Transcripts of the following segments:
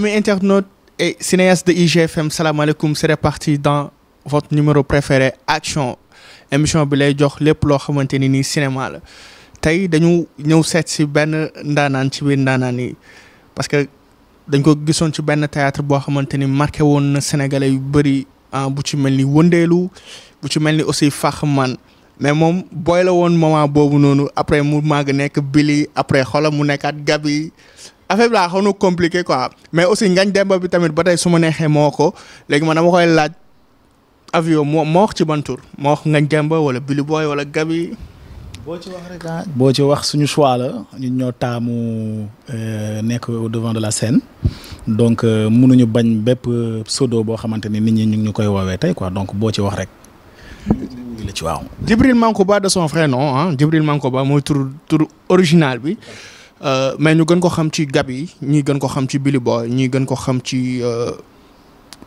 Amis internautes et cinéastes de IGFM salam alaikum. c'est reparti dans votre numéro préféré action émission bi lay le lépp loo de ni cinéma la tey dañu nous seet si benn ndaanaan ci parce que dañ ko gisoon ci benn théâtre boo xamante marqué woon na sénégalais yu bëri ah, bu ci mel ni bu ci mel aussi fax man mais moom boy la woon moment boobu noonu après mu màgg nekk Billy après xolam mu Gabi affaire compliqué quoi mais aussi Ngagne Demba bi tamit batay suma nexé moko légui man dama koy laaj avion mo mo ci ban tour. mo wax Ngagne Demba wala Billy Boy wala Gabi. bo ci wax rek ah. ci wax suñu choix la euh, au devant de la scène donc euh, bañ euh, pseudo nit ñi ñu donc bo ci wax rek. Mankoba de son frère non ah. Mankoba original bi. Euh, mais ñu gën ko xam ci gab yi ñii gën ko xam ci Billy Boy ñi gën ko xam ci euh,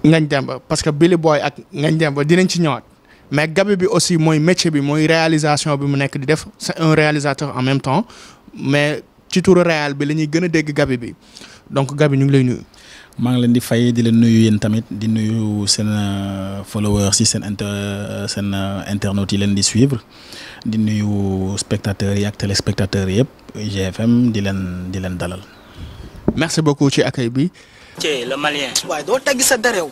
ngañ Demba parce que Billy Boy ak ngañ Demba dinañ ci ñëwaat mais gabi bi aussi moy métier bi moy réalisation bi mu nekk di def c'est un réalisateur en même temps mais ci tour réal bi lañuy gëna a dégg gabi bi donc gabi ñu ngi lay nuyu maa leen di fay di leen nuyu yéen tamit di nuyu seen euh, followers yi seen inter euh, seen euh, internautes yi leen di suivre di nuyu spectateurs yi ak téléspectateurs yëpp GFM di leen di leen dalal. merci beaucoup ci accueil bi. Thié le Malien. waaye doo tegg sa derew.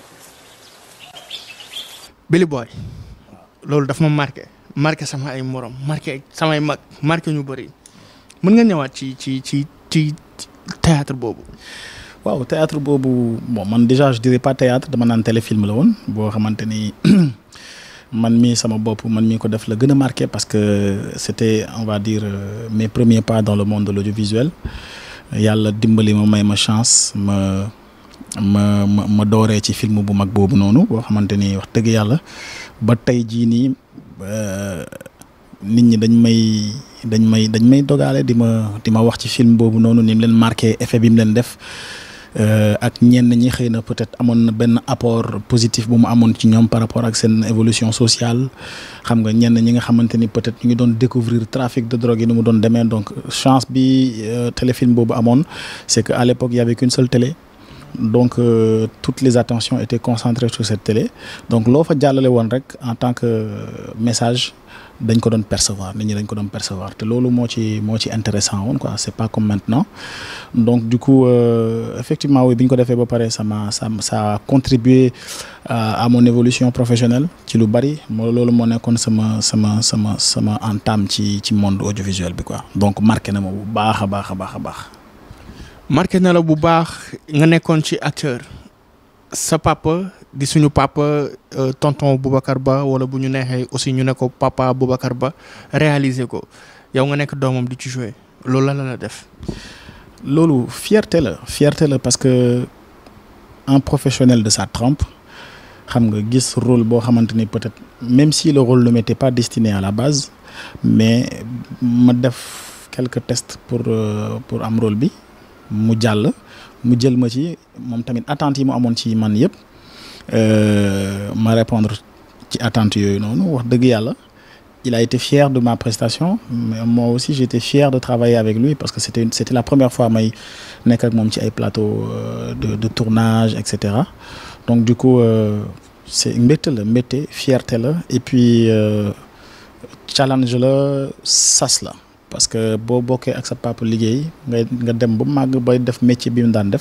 Billy Boy loolu daf ma marqué marqué sama ay morom marqué sama ay mag marqué ñu bëri mën nga ñëwaat ci ci ci ci théâtre boobu waaw théâtre boobu bon man déjà je dirais pas théâtre dama naan téléfilm la woon boo xamante man mii sama bopp man mii ko def la gën marqué parce que c'était on va dire euh, mes premiers pas dans le monde de l'audiovisuel yàlla dimbali ma may ma chance ma ma ma ma ci film bu mag bobu nonou bo xamanteni wax deug yalla ba tay ji ni euh nit ñi dañ may dañ may dañ may dogalé dima ma wax ci film bobu nonou nim leen marqué effet bi mu leen def euh, ak ñenn ñi peut-être amoon na apport positif bu mu ci par rapport ak seen évolution sociale xam nga ñenn peut-être découvert ngi trafic de drogue yi nous mu doon demee donc chance bi euh, téléfilm boobu amoon c'est qu'à l'époque il y avait qu'une seule télé donc euh, toutes les attentions étaient concentrées sur cette télé donc loo fa jàllale woon rek en tant que message dañ ko doon percevoir nit ñi dañ ko doon percevoir te loolu moo ci moo ci intéressant woon quoi c'est pas comme maintenant donc du coup euh, effectivement oui bi ñu ko defee ba pare ça m'a ça ça a contribué à, euh, à mon évolution professionnelle ci lu bari mo loolu moo nekkoon sama sama sama sama entame ci ci monde audiovisuel bi quoi donc marqué na ma bu baax a baax a baax a baax. marqué na la bu baax nga nekkoon ci acteur sa papa di suñu papa euh, tonton Boubacar Ba wala bu ñu neexee aussi ñu ne ko papa Boubacar Ba réaliser ko yow nga nek domam di ci jouer lolu la la def. lolu fierté la fierté la parce que un professionnel de sa trempe xam nga gis rôle bo xamanteni peut-être même si le rôle ne m'était pas destiné à la base mais ma def quelques tests pour euh, pour am rôle bi mu jall mu jël ma ci mom tamit attentes mu amone ci man yépp euh, ma répondre ci attente Non, noonu wax il a été fier de ma prestation mais moi aussi j'étais fier de travailler avec lui parce que c'était c'était la première fois que je mon petit ci plateau euh, de de tournage etc donc du coup euh, c'est une le une fierté la et puis challenge le sas cela parce que si bokkee ak pas papa liggéey nga nga dem un màgg def métier bi dans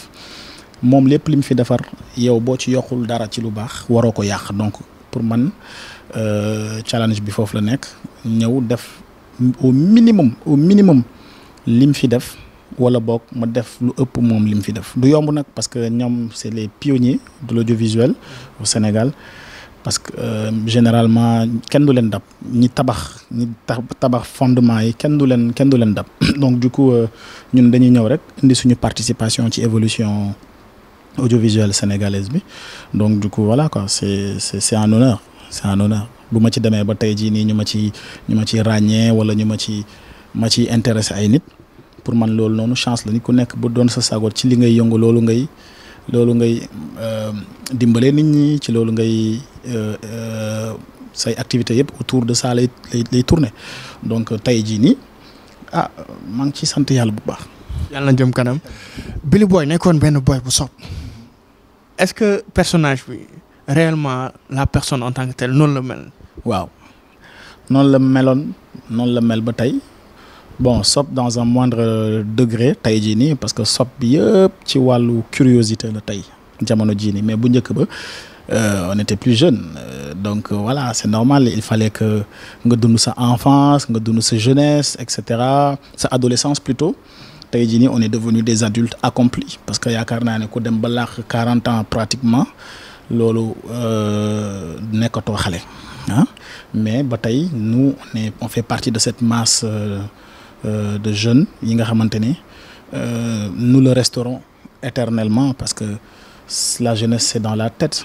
mom lepp lim fi defar yow bo ci yokkul dara ci lu bax waroo ko donc pour man euh, challenge bi foofu la nek ñew def au minimum au minimum lim fi def wala bok ma def lu ëpp mom lim fi def du yomb nak parce que ñom c'est les pionniers de l'audiovisuel au Sénégal parce que euh, généralement kenn du len dab ñi tabax ñi tabax fondement yi kenn du len kenn du len dab donc du coup euh, ñun dañuy ñëw rek indi suñu participation ci évolution audiovisuelle sénégalaise bi donc du coup voilà quoi c'est c'est c'est un honneur c'est un honneur bu ma ci démé ba tay ji ni ñu ma ci ñu ma ci ragné wala ñu ma ci ma ci intéressé ay nit pour man lool nonu chance la ni ku nekk bu doon sa sagoot ci li ngay yëngu loolu ngay loolu ngay euh, dimbalé nit ñi ci loolu ngay euh, euh, say activités yépp autour de ça lay lay tourner donc tay ji ni ah ma ngi ci sante yalla bu baax. yalla na jëm kanam Billy Boy nekkoon benn boy bu sopp est-ce que personnage réellement la personne en tant que telle nous le mel. waaw nous le mêlons, nous le mel bon sauf dans un moindre degré parce que Sop bi tu ci curiosité de taï, mais bu euh, on était plus jeune euh, donc euh, voilà c'est normal il fallait que nous donnions sa enfance nous donnions sa jeunesse etc., sa adolescence plutôt on est devenu des adultes accomplis parce que y a ne ans pratiquement euh, ah. mais nous on fait partie de cette masse euh, euh, de jeunes nous le resterons éternellement parce que la jeunesse c'est dans la tête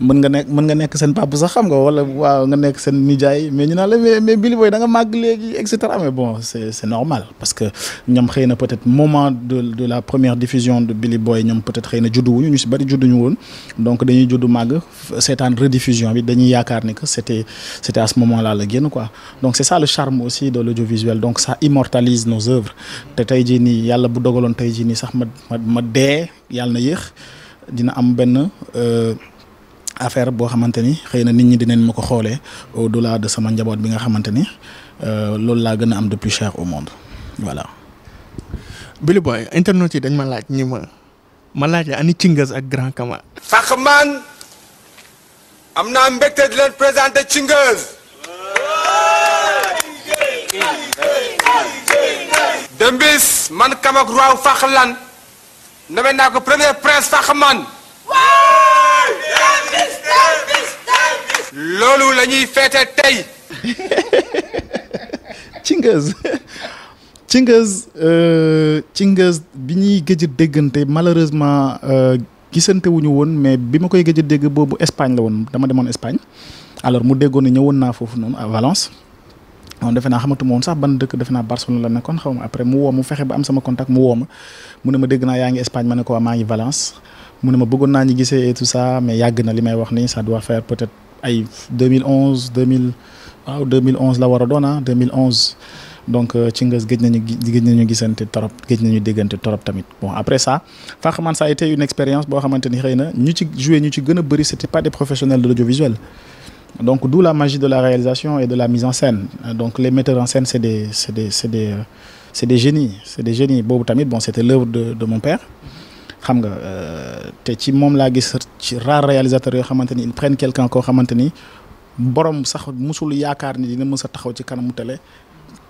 mën nga nekk mën nga nekk seen papa sax xam nga wala waaw nga nekk seen nijaay mais ñu naan la mais mais Billy Boy da nga màgg léegi et cetera mais bon c'est c'est normal parce que ñoom xëy na peut-être moment de de la première diffusion de Billy Boy ñoom peut-être xëy na juddu wuñu ñu si bëri judduñu woon donc dañuy juddu màgg seetaan rediffusion bi dañuy yaakaar ni que c'était c'était à ce moment-là la génn quoi donc c'est ça le charme aussi de l'audiovisuel donc ça immortalise nos œuvres te tey jii nii yàlla bu dogaloon tey jii nii sax ma ma ma dee yàlla na yéex dina am benn. Euh, affaire bo xamanteni xeyna nit ñi dinañ mako xolé au delà de sama njabot bi nga xamanteni euh loolu la gëna am de plus cher au monde voilà. Billy Boy internet yi dañ ma laaj ñima ma ma laaj ani Cingaz ak Grand Kama. sax man am naa mbégte di leen présenté Cingaz. dembis man kam ak roi faxlan namee ko premier prince faxman loolu la ñuy feete tey. Cingaz Cingaz euh, Cingaz bi ñuy gëj déggante malheureusement euh, gisante wuñu woon mais bi ma koy gëj dégg boobu Espagne la woon dama demoon Espagne alors mu déggoon ne ñëwoon naa foofu noonu ak Valence. on defena naa xamatuma woon sax ban deuk defena Barcelone la nekkoon xaw après mu woo mu fexé ba am sama contact mu woo ma mu ne ma dégg naa yaa Espagne mané ko waa maa ngi Valence mu ne ma bëggon na ñi gisé et tout ça mais yag na limay wax ni ça doit faire peut-être ay 2011 2000 waaw 2011 la wara a 2011 ah, donc euh, ci nga gej nañu gej nañu gisante torop gej nañu déggante torop tamit bon après ça man ça a été une expérience bo xamanteni xeyna ñu ci jouer ñu ci gëna bëri c'était pas des professionnels de l'audiovisuel donc d'où la magie de la réalisation et de la mise en scène. Donc les metteurs en scène, c'est des, des, des, des, génies. C'est des génies. Bob Tamid, bon, c'était l'œuvre de, de, mon père. Tu nga euh, te ci moom rare réalisateur yoo ils prennent quelqu'un koo xamante borom sax musul yaakaar ni dina mës taxaw ci kanamu télé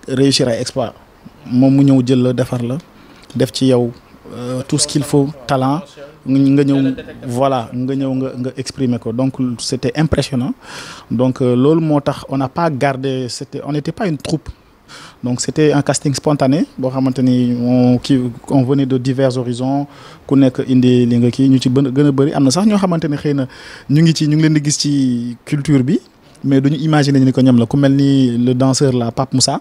réussir ay exploit moom mu ñëw jël la defar la def ci yow euh, tout ce qu'il faut talent nga ñëw voilà nga ñëw nga nga exprimer ko donc c'était impressionnant donc euh, l'ol moo on n'a pas gardé c'était on n'était pas une troupe donc c'était un casting spontané boo xamante on kii on venait de divers horizons ku nekk indi li nga kii ñu ci gën a bëri am na sax ñoo xamante ne xëy na ñu ngi ci ñu ngi leen di gis ci culture bi mais duñu imaginer ni ko ñoom la ku mel le danseur la Pape Moussa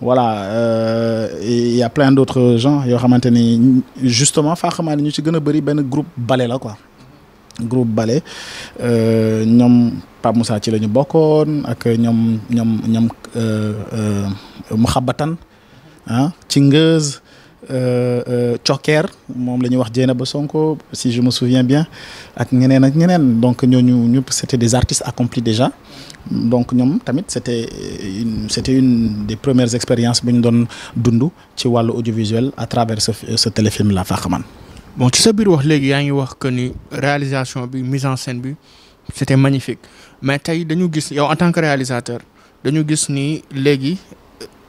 voilà euh, il y a plein d'autres gens yo xamanteni justement fa xamane ñu groupe ballet la quoi groupe ballet euh, ñom pa Moussa ci ñom ñom ci euh, euh, Choker, moom la ñuy wax si je me souviens bien ak ñeneen ak ñeneen donc nous, c'était des artistes accomplis déjà donc tamit c'était euh, une une des premières expériences que nous avons dund ci audiovisuel à travers ce téléfilm la Faxaman. bon tu sais, biir wax léegi yaa ngi wax que ni réalisation bi mise en scène c'était magnifique mais tey dañu yow en tant que réalisateur dañu gis ni léegi.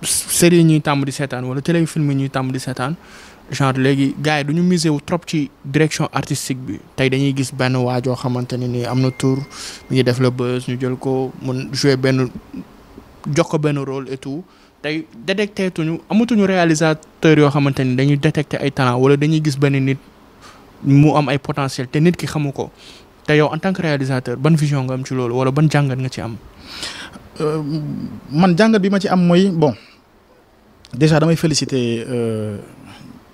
série ñuy tàmm di seetaan wala téléfilm ñuy tàmm di seetaan genre léegi gars yi du ñu musé wu trop ci direction artistique bi tey dañuy gis benn waa joo xamante ne nii am na tour mi ngi def la buzz ñu jël ko mun jouer benn jox ko benn rôle et tout tey détecté tuñu amatuñu réalisateur yoo xamante ni dañuy détecté ay talent wala dañuy gis benn nit mu am ay potentiel te nit ki xamu ko te yow en tant que réalisateur ban vision nga am ci loolu wala ban jàngat nga ci am. Euh, man bi bon déjà damay féliciter euh,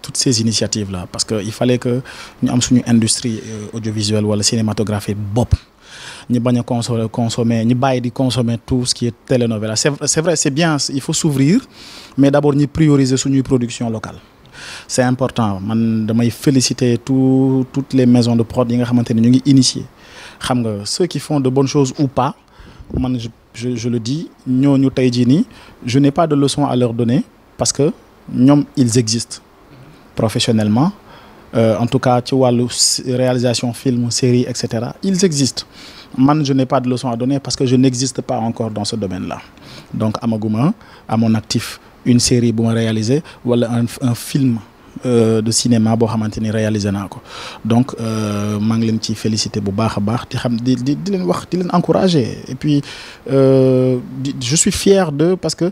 toutes ces initiatives là parce que il fallait que nous am suñu industrie euh, audiovisuelle ou cinématographique cinématographie. Bob, ni consommer consommer consommer tout ce qui est télé c'est c'est vrai c'est bien il faut s'ouvrir mais d'abord ni prioriser suñu production locale c'est important man damay féliciter tout toutes les maisons de prod yi nga été ceux qui font de bonnes choses ou pas man je, le dis je n'ai pas de leçon à leur donner parce que ils existent professionnellement euh, en tout cas tu vois, réalisation film série etc. ils existent man je n'ai pas de leçon à donner parce que je n'existe pas encore dans ce domaine-là donc à amaguma à mon actif une série pour réaliser wala un film euh, de cinéma bo xamanteni réaliser réalisé donc euh mang leen ci féliciter bu baax a baax di xam di di leen wax di leen encourager et puis euh je suis fier de parce que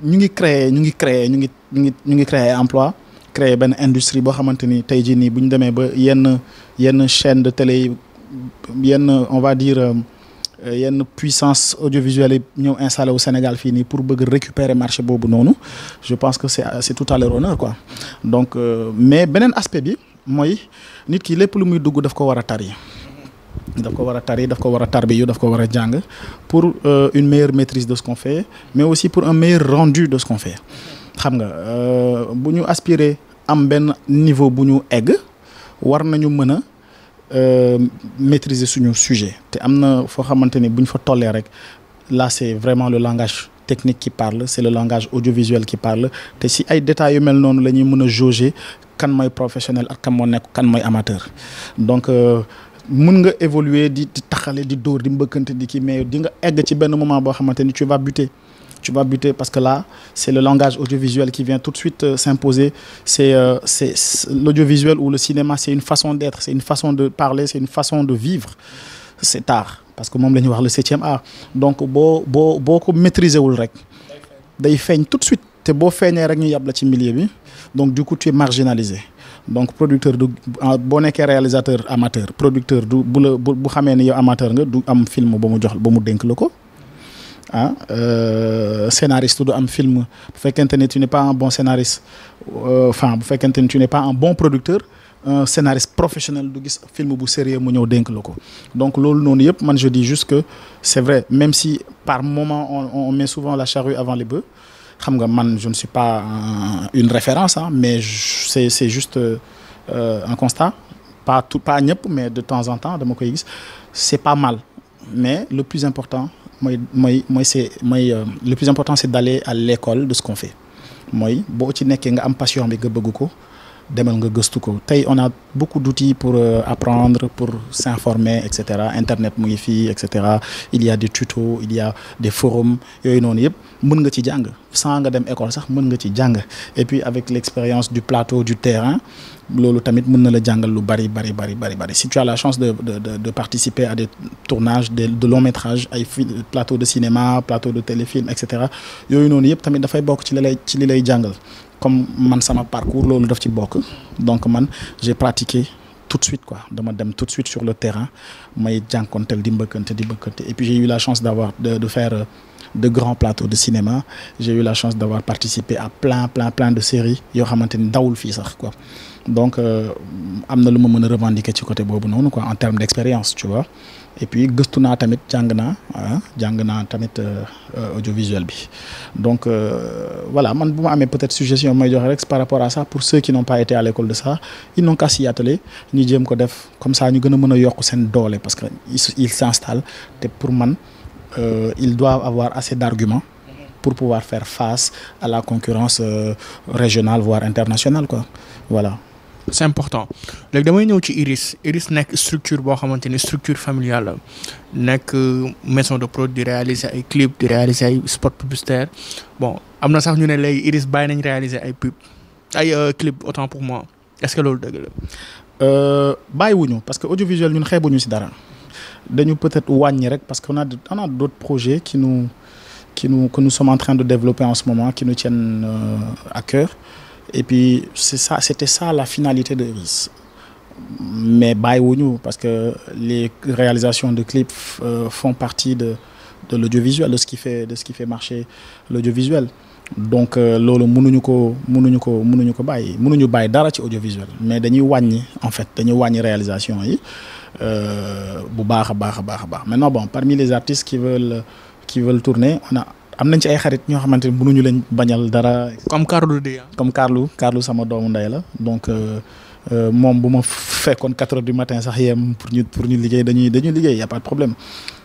ñu ngi créer ñu ngi créer ñu ngi ñu ngi créer emploi créer ben industrie boo xamante ni tey jii nii bu ba yenn yenn chaîne de télé yenn on va dire euh, il y a une puissance audiovisuelle qui est installée au Sénégal fini pour récupérer le marché je pense que c'est tout à leur honneur quoi donc euh, mais un aspect bi nit ki lu a tari daf ko pour euh, une meilleure maîtrise de ce qu'on fait mais aussi pour un meilleur rendu de ce qu'on fait xam nga euh, bu à un niveau nous ñu war nañu euh, maîtriser sur sujet Il faut que nous là c'est vraiment le langage technique qui parle c'est le langage audiovisuel qui parle si les détails yu mel noonu la professionnel amateur donc tu euh, nga évoluer di di tu buter tu vas buter parce que là, c'est le langage audiovisuel qui vient tout de suite euh, s'imposer. Euh, c'est l'audiovisuel ou le cinéma, c'est une façon d'être, c'est une façon de parler, c'est une façon de vivre cet art. Parce que moi, je voir le 7e art. Donc, beaucoup maîtriser le tout de suite. Donc du coup tu es marginalisé. donc producteur de ah, bon réalisateur amateur producteur du bu amateur du un film Hein, euh, scénariste ou un film fait tu n'es pas un bon scénariste euh, enfin tu n'es pas un bon producteur un scénariste professionnel du film ou sérieux donc je dis juste que c'est vrai même si par moment on, met souvent la charrue avant les bœufs je ne suis pas une référence hein, mais c'est c'est juste euh, un constat pas tout pas mais de temps en temps de mon c'est pas mal mais le plus important c'est euh, le plus important c'est d'aller à l'école de ce qu'on fait Moi, boo ci une nga am passion bi demal nga gëstu ko tey on a beaucoup d'outils pour euh, apprendre pour s'informer et cetera internet mu etc. et cetera il y a des tutos il y a des forums yooyu noonu yëpp nga ci jàng sans nga dem école sax mën nga ci jàng et puis avec l'expérience du plateau du terrain loolu tamit mën na la jàngal lu bari bari bari bari bari si tu as la chance de de de, de participer à des tournages de de longs métrages ay plateau de cinéma plateau de téléfilm et cetera yooyu noonu yëpp tamit dafay bokk ci ci jàngal comme man sama parcours lolou daf ci bokk donc man j'ai pratiqué tout de suite quoi madame, dem tout de suite sur le terrain may jankontel di mbëkkante di mbëkkante et puis j'ai eu la chance d'avoir de, de faire euh, de grands plateaux de cinéma j'ai eu la chance d'avoir participé à plein plein plein de séries yo xamanteni dawul fi sax quoi donc euh, am na lu ma revendiquer ci côté bobu quoi en termes d'expérience tu vois et puis il y tamit jàng naa ah, jàng tamit euh, euh, audiovisuel bi donc euh, voilà man bu peut-être suggestion may joxe rek par rapport à ça pour ceux qui n'ont pas été à l'école de ça ils n'ont qu'à s'y atteler ñu jéem ko def comme ça ñu gën a mën a yokk parce que s'installent et pour man ils doivent avoir assez d'arguments pour pouvoir faire face à la concurrence régionale voire internationale voilà c'est important léegi damay ñëw ci Iris Iris nekk structure boo structure familiale la euh, maison de prod de réaliser des clip de réaliser des spot publicitaire bon am na sax ñu ne Iris bàyyi nañ réaliser ay pub ay euh, clip autant pour moi est-ce que c'est vrai la. Euh, parce que audiovisuel ñun xeebuñu ci dara dañu peut-être wàññi rek parce que on a on a d'autres projets qui nous qui nous que nous sommes en train de développer en ce moment qui nous tiennent à cœur et puis ça c'était ça la finalité de RIS mais nous parce que les réalisations de clips euh, font partie de de l'audiovisuel de ce qui fait de ce qui fait marcher l'audiovisuel donc euh, loolu mënuñu ko mënuñu ko mënuñu ko bàyyi mënuñu bàyyi dara ci audiovisuel mais dañuy Wani en fait dañuy Wani réalisation yi euh, bu baax maintenant bon parmi les artistes qui veulent qui veulent tourner on a am ci ay xarit ñoo xamanteni ni ñu leen bañal dara. comme Carlou D hein. comme carlo carlo sama doomu nday la donc euh, euh mom buma fekkon 4h du matin sax yem pour ñu pour ñu liggéey dañuy dañuy liggéey y a pas de problème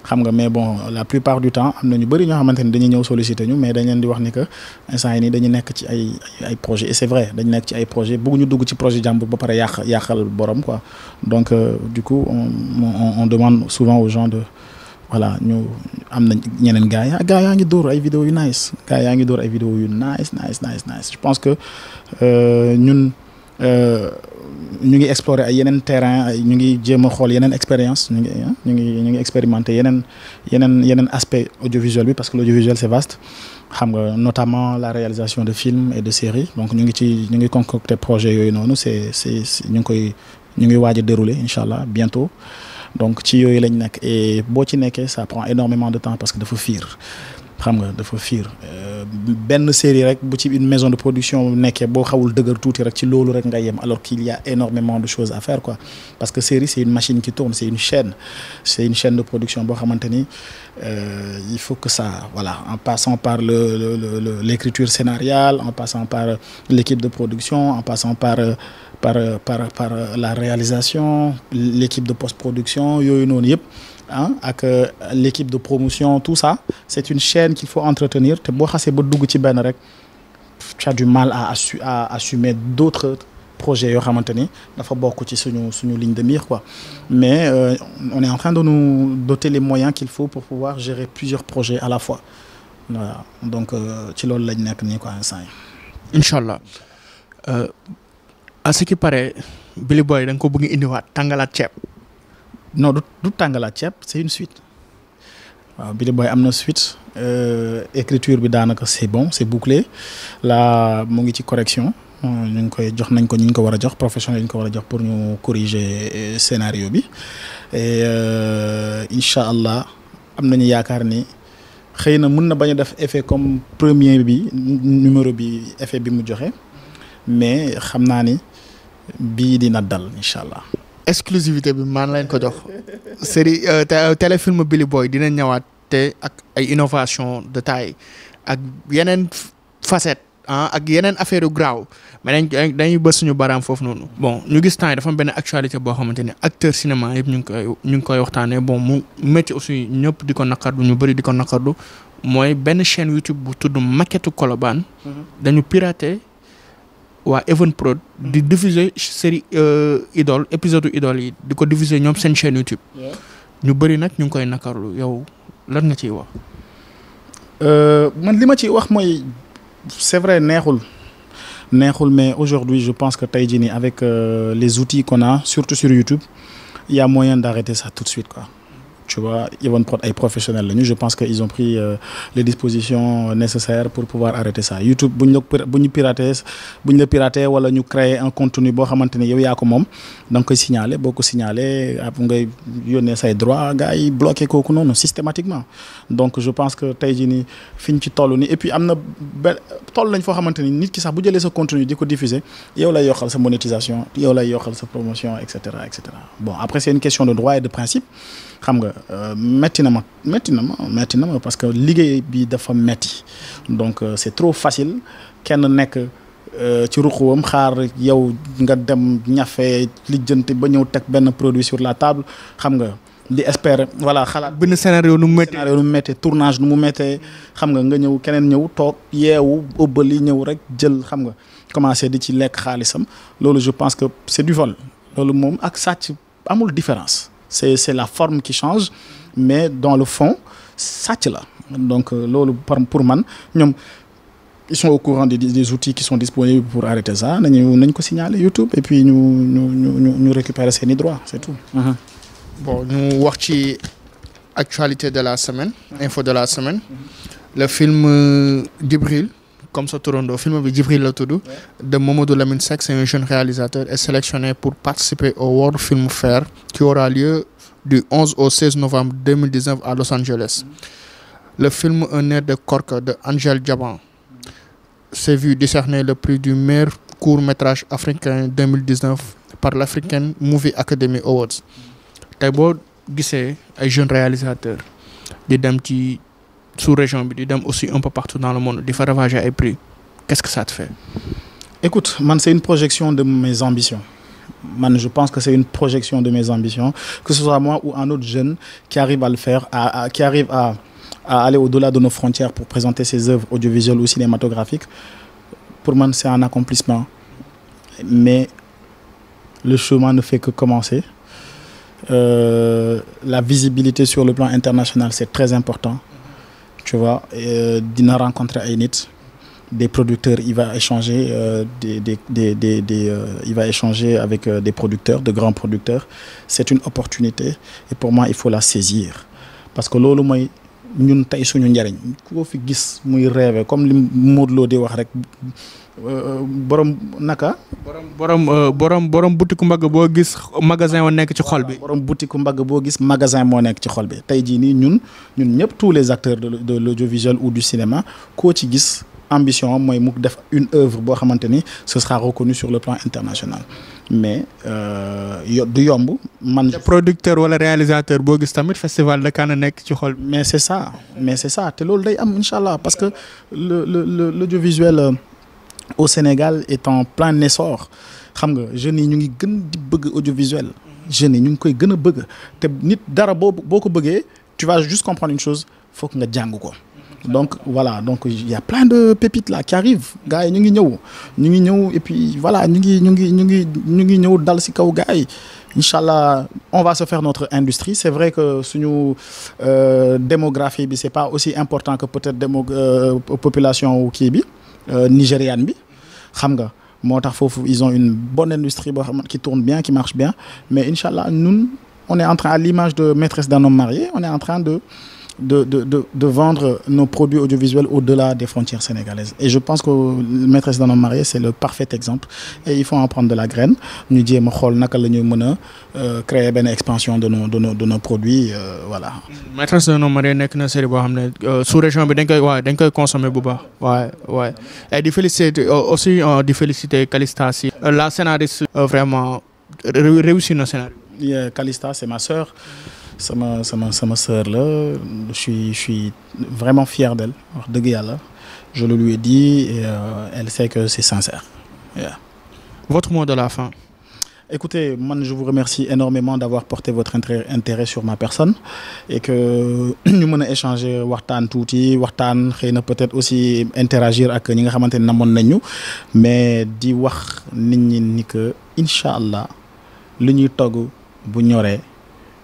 xam nga mais bon la plupart du temps amna ñu bari ñoo xamanteni dañuy ñëw solliciter ñu mais dañ leen di wax ni que instant yi nii dañu nekk ci ay ay projets et c'est vrai dañu nekk ci ay projets bëgg ñu dugg ci projet jàmbur ba paré yàq yàqal borom quoi donc euh, du coup on on on demande souvent aux gens de voilà ñu am nañ ñeneen gars yaa gars yaa ngi dóor ay vidéo yu nice gars yaa ngi dóor ay vidéo yu nice nice nice nice je pense que euh, ñun euh, ñu ngi explorer ay yeneen terrain ñu ngi jéem a xool yeneen expérience ñu ngi ah, ñu ngi ñu ngi expérimenter yeneen yeneen yeneen aspect audiovisuel bi parce que l'audiovisuel c'est vaste xam nga notamment la réalisation de films et de séries donc ñu ngi ci ñu ngi concocter projet yooyu noonu c'est c'est ñu ngi koy ñu ngi waaj a dérouler incha allah bientôt donc ci yoy lañ et bo ci ça prend énormément de temps parce qu'il faut fuir xam nga euh, série rek bu une maison de production nekkee bo xawul deuguer touti rek ci lolu rek nga alors qu'il y a énormément de choses à faire quoi parce que série c'est une machine qui tourne c'est une chaîne c'est une chaîne de production euh, il faut que ça voilà en passant par le l'écriture scénariale en passant par l'équipe de production en passant par par la réalisation l'équipe de post-production a noonu yëpp Hein, avec euh, l'équipe de promotion tout ça c'est une chaîne qu'il faut entretenir tu as du mal à assumer d'autres projets à maintenir, il faut beaucoup ci suñu suñu ligne de mire quoi mais euh, on est en train de nous doter les moyens qu'il faut pour pouvoir gérer plusieurs projets à la fois donc tu euh, es lañ tu es quoi Inch'Allah, à ce qui paraît Billy Boy da nga ko bëgg indiwaat tàngalaat non du Tangala c'est une suite waaw Boy suite euh, écriture c'est bon c'est bouclé La mon correction nous avons koy jox nañ professionnel pour nous corriger euh, scénario et euh, allah ni mën na effet comme premier bi numéro bi effet bi mu mais xamna ni bi dina dal inshallah exclusivité bi maan leen ko jox série euh, euh, téléfilm Billy booy dina ñawaat te ak ay innovation de taille ak yeneen facette ah ak yeneen affaire yu graaw mais dañ dañuy bës suñu baraam foofu noonu bon ñu gis temps yi dafa am benn actualité boo xamante ne acteur cinéma yëpp ñu ngi koy ñu ngi koy waxtaanee bon mu métti aussi ñëpp di ko naqardu ñu bëri di ko naqardu mooy benn chaîne YouTube bu tudd Maquette Colobane mm-hmm. dañu piraté Evan Prod, di mm. diffuser série euh, Idole épisode Idole yi di ko diffuser diffusé sa chaîne YouTube. ñu bari nak ñu koy nakarlu yow lan nga ci wax. Euh, man li ma wax moy c'est vrai neexul. neexul mais aujourd'hui je pense que tey avec euh, les outils qu'on a surtout sur YouTube il y a moyen d'arrêter ça tout de suite quoi tu vois, ils vont être professionnel. Nous, je pense qu'ils ont pris euh, les dispositions nécessaires pour pouvoir arrêter ça. YouTube, si nous piratons, si nous piratons, ou nous créons un contenu, bon, maintenant, il y a comme donc signaler, beaucoup signaler, après, il y a droits, gars, ils bloquent non, systématiquement. Donc, je pense que Taïdini finit le ni, et puis amna tolo l'info maintenant, ni qui ça bouge les contenu, du diffusé diffuser, il y a là sa monétisation, il y sa promotion, etc., etc. Bon, après c'est une question de droit et de principe xam nga euh, metti na ma metti na ma metti na ma parce que liggéey bi dafa metti donc euh, c'est trop facile kenn nekk euh, ci ruquwam xaar yow nga dem ñafe lijjanti ba ñëw teg benn produit sur la table xam nga di espérer voilà xalaat. benn scénario nu metti scénario nu tournage nu mu méttee xam nga nga ñëw keneen ñëw toog yeewu ëbbali ñëw rek jël xam nga commencé di ci lekk xaalisam loolu je pense que c'est du vol loolu moom ak sàcc amul différence c'est la forme qui change mais dans le fond ça ça là. donc euh, pour man ils sont au courant des, outils qui sont disponibles pour arrêter ça Nous avons ko YouTube et puis nous nous nous droits c'est tout. Uh-huh. bon nous avons actualité de la semaine. info de la semaine. Mm-hmm. le film euh, d'Ibril comme sa Toronto film bi Djibril la de Mamadou Lamine c'est un jeune réalisateur est sélectionné pour participer au World Film Fair qui aura lieu du 11 au 16 novembre 2019 à Los Angeles. Mm-hmm. Le film Un air de cork » de Angel Djaban s'est vu décerner le prix du meilleur court métrage africain 2019 par l'African Movie Academy Awards. Mm-hmm. tey Gissé, un jeune réalisateur. réalisateur di sous région mais aussi un peu partout dans le monde différents fa ravager plus, qu'est-ce que ça te fait. écoute man c'est une projection de mes ambitions. Man, je pense que c'est une projection de mes ambitions, que ce soit moi ou un autre jeune qui arrive à le faire, qui arrive à, aller au-delà de nos frontières pour présenter ses œuvres audiovisuelles ou cinématographiques. Pour moi, c'est un accomplissement. Mais le chemin ne fait que commencer. Euh, la visibilité sur le plan international, c'est très important tu vois euh, dina rencontre à nit des producteurs il va échanger euh, euh, il va échanger avec des producteurs de grands producteurs c'est une opportunité et pour moi il faut la saisir parce que loolu nous nous tey suñu njariñ ku ko fi gis rêver comme le mot de di wax euh, borom naka. borom borom euh, borom borom boutique mbag bo gis magasin moo nek ci xol bi. borom boutique mbag bo gis magasin mo nek ci xol bi tey jii ñun ñun ñëpp tous les acteurs de l'audiovisuel ou du cinéma ko ci gis ambition moy mu def une œuvre bo xamanteni ce sera reconnu sur le plan international mais euh du yomb. man producteur wala réalisateur bo gis tamit festival de Cannes nek ci xol. mais c'est ça mais c'est ça té loolu day am inshallah parce que le le le l'audiovisuel. Euh, au Sénégal est en plein essor xam nga jeunes pas si ngi gën di audiovisuel je ne sais ngi koy Si a bëgg beaucoup, nit dara tu vas juste comprendre une chose faut que nga jàng ko donc voilà donc il y a plein de pépites là qui arrivent gars yi ñu ngi ñëw ñu ngi ñëw et puis voilà ñu ngi ñu ngi ñu ngi ñu ñëw dal ci kaw gars Inshallah, on va se faire notre industrie c'est vrai que suñu euh, démographie bi c'est pas aussi important que peut-être démo euh, population qui bi euh, nigériane bi ils ont une bonne industrie qui tourne bien qui marche bien mais Inch'Allah, nous, on est en train à l'image de maîtresse d'un homme marié on est en train de de, de, de, vendre nos produits audiovisuels au-delà des frontières sénégalaises. Et je pense que Maîtresse d'un homme marié, c'est le parfait exemple. Et il faut en prendre de la graine. Nous dire, euh, créer une expansion de nos, de nos, de nos produits. Euh, voilà. Maîtresse d'un homme marié, c'est une série qui euh, sous-région, mais côté consomme beaucoup. Ouais, ouais. Et de féliciter, aussi de féliciter Calista. La scénariste, vraiment, réussit nos scénarios. Calista, c'est ma sœur ma sama sama je suis je suis vraiment fier d'elle de je le lui ai dit et euh, elle sait que c'est sincère votre mot de la fin Écoutez, man, je vous remercie énormément d'avoir porté votre intérêt sur ma personne et que nous avons échangé échanger peut-être aussi interagir avec nous, mais di wax nit que inshallah li ñuy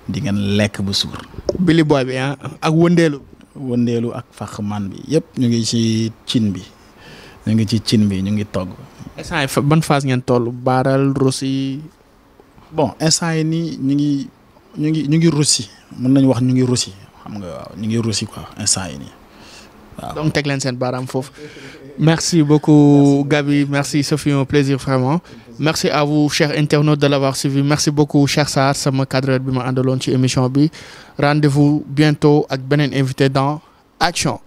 di ngeen lekk bu suur. Billy Boy bi ah ak wëndeelu. wëndeelu ak faxman bi yep ñu ngi ci bi ñu ngi ci bi ñu ngi togg. instant ban phase ngeen toll baral russi. bon instant yi nii ñu ngi ñu ngi ñu ngi russi mën nañu wax ñu ngi russi xam nga ñu ngi quoi instant donc merci beaucoup Gabi merci Sophie, un plaisir vraiment. merci à vous chers internautes de l'avoir suivi merci beaucoup chers Sarr mon cadreur bi ma l'émission. rendez-vous bientôt avec Benin invité dans Action.